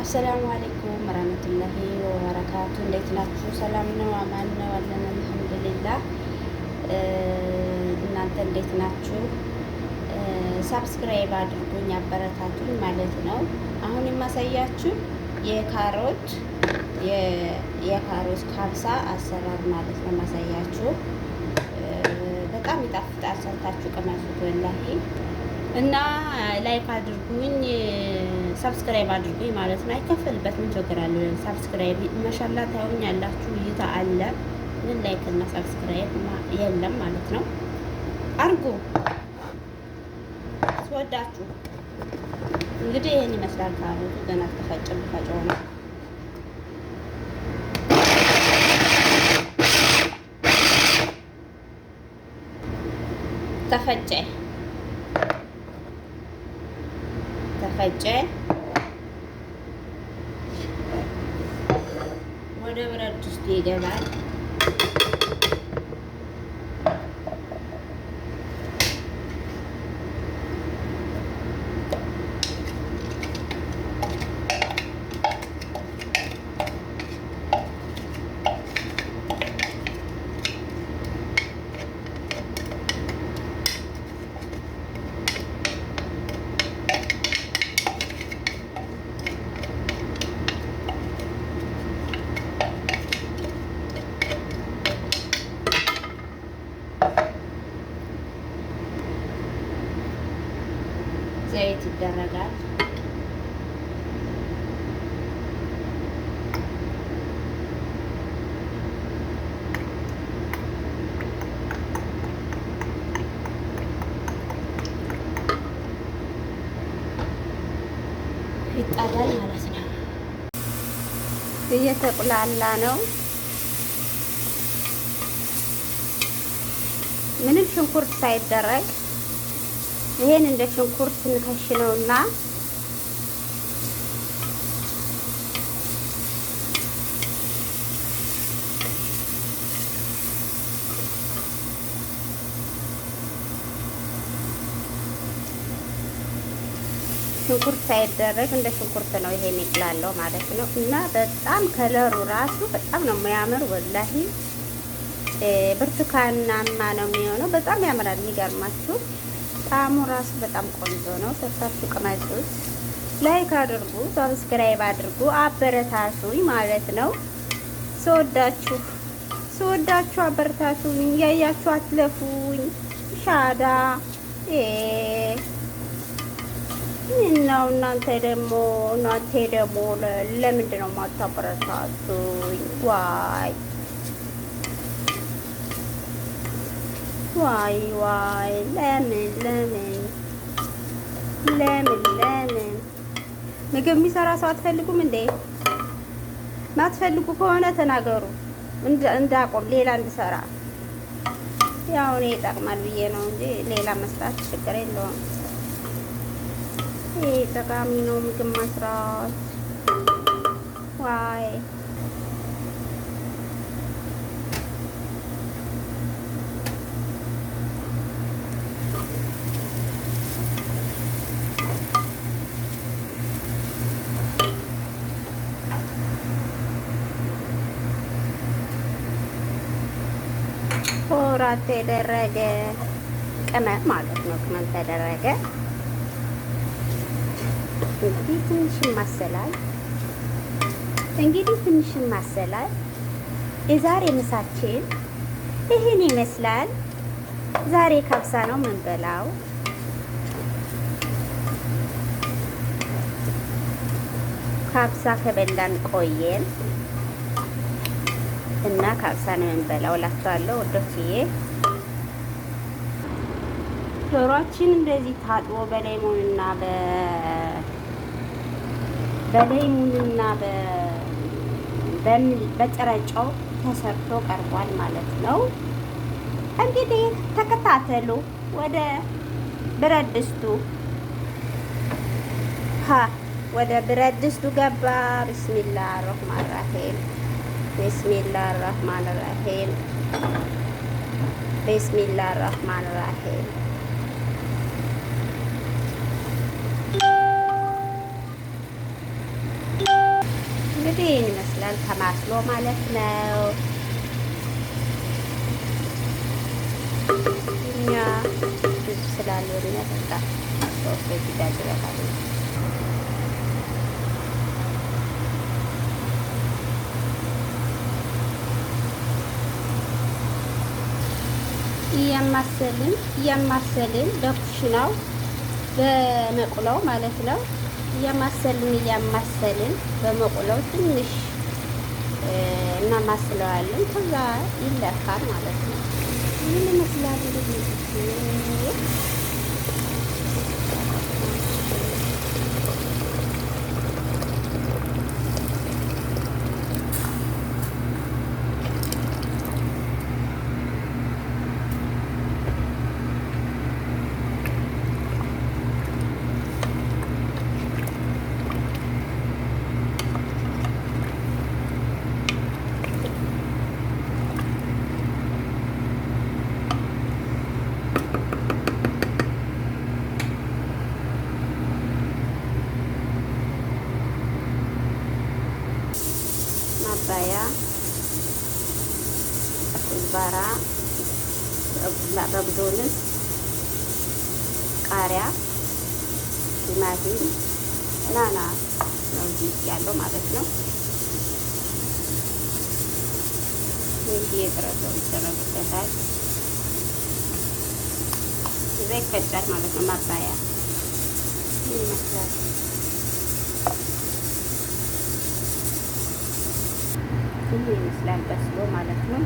አሰላሙ አሌይኩም ወራህመቱላሂ ወበረካቱ። እንዴት ናችሁ? ሰላም ነው? አማን ነው አለን? አልሐምዱሊላህ። እናንተ እንዴት ናችሁ? ሳብስክራይብ አድርጉኝ አበረታቱኝ ማለት ነው። አሁን የማሳያችሁ የካሮት የካሮት ካብሳ አሰራር ማለት ነው ማሳያችሁ። በጣም ይጣፍጣል። ሰርታችሁ ቅመሱት ወላሂ እና ላይክ አድርጉኝ ሰብስክራይብ አድርጉኝ ማለት ነው። አይከፈልበት ምን ችግር አለ? ሰብስክራይብ መሻላ ታዩኝ ያላችሁ እይታ አለ። ምን ላይክ እና ሰብስክራይብ የለም ማለት ነው። አርጉ ስወዳችሁ። እንግዲህ ይህን ይመስላል። ካሮቱ ገና ተፈጭም ፈጨው ነው ተፈጨ ተፈጨ बड़ा बड़ा डिश दिएगा बाहर ዘይት ይደረጋል። ይጣዳል ማለት ነው። እየተቁላላ ነው። ምንም ሽንኩርት ሳይደረግ ይሄን እንደ ሽንኩርት እንከሽነውና ሽንኩርት ሳይደረግ እንደ ሽንኩርት ነው ይሄ የሚቅላለው ማለት ነው። እና በጣም ከለሩ ራሱ በጣም ነው የሚያምር። ወላሂ ብርቱካናማ ነው የሚሆነው። በጣም ያምራል። የሚገርማችሁ ጣዕሙ ራሱ በጣም ቆንጆ ነው። ሰርታችሁ ቅመሱት። ላይክ አድርጉ፣ ሰብስክራይብ አድርጉ፣ አበረታቱኝ ማለት ነው። ስወዳችሁ ስወዳችሁ አበረታቱኝ፣ ያያችሁ አትለፉኝ። ሻዳ እናው እናንተ ደግሞ እናንተ ደግሞ ለምንድን ነው የማታበረታቱኝ? ዋይ ዋይ ዋይ ለምን ለምን ለምን ለምን ምግብ የሚሰራ ሰው አትፈልጉም እንዴ? ማትፈልጉ ከሆነ ተናገሩ እንዳቆም ሌላ እንድሰራ። ያው እኔ ይጠቅማል ብዬ ነው እንጂ ሌላ መስራት ችግር የለውም። ይህ ጠቃሚ ነው ምግብ መስራት። ኩራት ተደረገ ቅመም ማለት ነው። ቅመም ተደረገ እንግዲህ ትንሽ ማሰላል እንግዲህ ትንሽ ማሰላል። የዛሬ ምሳችን ይህን ይመስላል። ዛሬ ካብሳ ነው የምንበላው። ካብሳ ከበላን ቆየን። እና ካብሳ ነው የምንበላው። ላቸዋለሁ ወዶችዬ። ዶሯችን እንደዚህ ታጥቦ በሌሙንና በ በሌሙንና በ በጨረጮ ተሰርቶ ቀርቧል ማለት ነው። እንግዲህ ተከታተሉ። ወደ ብረት ድስቱ ወደ ብረት ድስቱ ገባ። ብስሚላ ረህማን ራሂም ቢስሚላ ራህማን ራሂም ቢስሚላ ራህማን ራሂም እንግዲህ ይህን ይመስላል ተማስሎ ማለት ነው። እኛ ብዙ ስላልሆነ በጣም ሶስት ጊዜ እያማሰልን እያማሰልን በኩሽናው በመቁለው ማለት ነው። እያማሰልን እያማሰልን በመቁለው ትንሽ እናማስለዋለን። ከዛ ይለካል ማለት ነው። ይህን ይመስላል። ኩዝባራ፣ በግዶንስ፣ ቃሪያ፣ ቲማቲም ናና ነው ያለው ማለት ነው። ይህ የጥረሰው ይደረግበታል። እዛ ይፈጫል ማለት ነው። ማባያ ይመስላል። ይህ ይመስላል በስሎ ማለት ነው።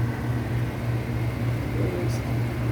Thank you.